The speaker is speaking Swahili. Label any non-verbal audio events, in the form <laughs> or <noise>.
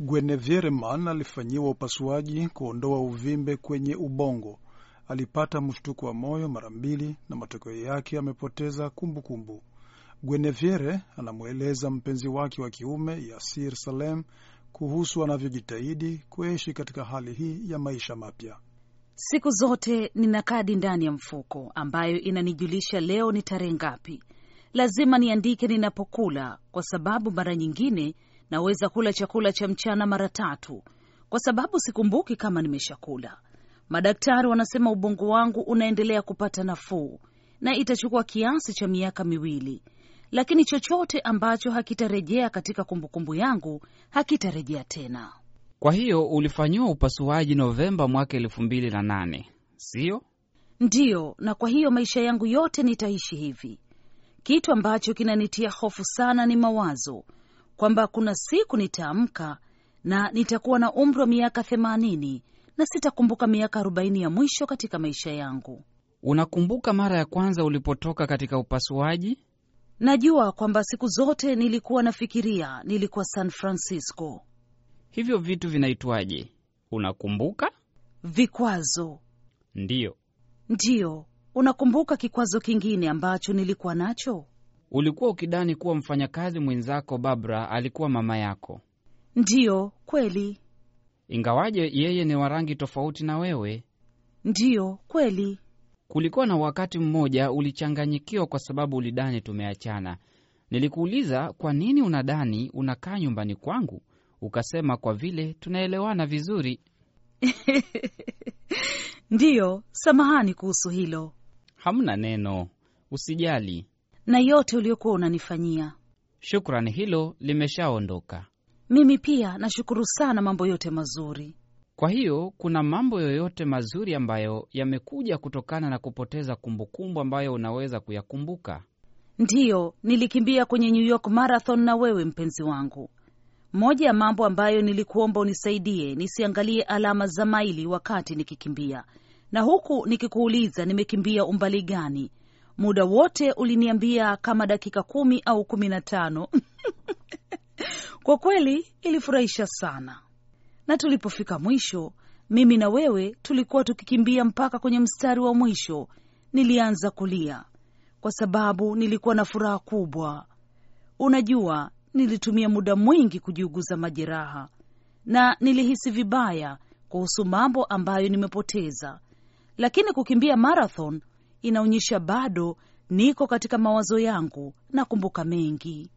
Guinevere Man alifanyiwa upasuaji kuondoa uvimbe kwenye ubongo. Alipata mshtuko wa moyo mara mbili na matokeo yake amepoteza kumbukumbu. Guinevere anamweleza mpenzi wake wa kiume Yasir Salem kuhusu anavyojitahidi kuishi katika hali hii ya maisha mapya. Siku zote nina kadi ndani ya mfuko ambayo inanijulisha leo ni tarehe ngapi. Lazima niandike ninapokula, kwa sababu mara nyingine naweza kula chakula cha mchana mara tatu kwa sababu sikumbuki kama nimeshakula. Madaktari wanasema ubongo wangu unaendelea kupata nafuu na itachukua kiasi cha miaka miwili, lakini chochote ambacho hakitarejea katika kumbukumbu yangu hakitarejea tena. Kwa hiyo ulifanyiwa upasuaji Novemba mwaka elfu mbili na nane, siyo? Ndiyo, na kwa hiyo maisha yangu yote nitaishi hivi. Kitu ambacho kinanitia hofu sana ni mawazo kwamba kuna siku nitaamka na nitakuwa na umri wa miaka themanini na sitakumbuka miaka arobaini ya mwisho katika maisha yangu. Unakumbuka mara ya kwanza ulipotoka katika upasuaji? Najua kwamba siku zote nilikuwa nafikiria nilikuwa San Francisco. Hivyo vitu vinaitwaje? Unakumbuka vikwazo? Ndiyo, ndiyo. Unakumbuka kikwazo kingine ambacho nilikuwa nacho? Ulikuwa ukidani kuwa mfanyakazi mwenzako Barbara alikuwa mama yako. Ndiyo kweli. Ingawaje yeye ni wa rangi tofauti na wewe. Ndiyo kweli. Kulikuwa na wakati mmoja ulichanganyikiwa kwa sababu ulidani tumeachana. Nilikuuliza, kwa nini unadani unakaa nyumbani kwangu? Ukasema, kwa vile tunaelewana vizuri. <laughs> Ndiyo, samahani kuhusu hilo. Hamna neno, usijali na yote uliokuwa unanifanyia. Shukrani, hilo limeshaondoka. Mimi pia nashukuru sana mambo yote mazuri. Kwa hiyo kuna mambo yoyote mazuri ambayo yamekuja kutokana na kupoteza kumbukumbu ambayo unaweza kuyakumbuka? Ndiyo, nilikimbia kwenye New York Marathon na wewe mpenzi wangu. Moja ya mambo ambayo nilikuomba unisaidie nisiangalie alama za maili wakati nikikimbia, na huku nikikuuliza nimekimbia umbali gani, Muda wote uliniambia kama dakika kumi au kumi na tano. <laughs> Kwa kweli ilifurahisha sana, na tulipofika mwisho, mimi na wewe tulikuwa tukikimbia mpaka kwenye mstari wa mwisho, nilianza kulia kwa sababu nilikuwa na furaha kubwa. Unajua, nilitumia muda mwingi kujiuguza majeraha na nilihisi vibaya kuhusu mambo ambayo nimepoteza, lakini kukimbia marathon inaonyesha bado niko katika mawazo yangu, nakumbuka mengi.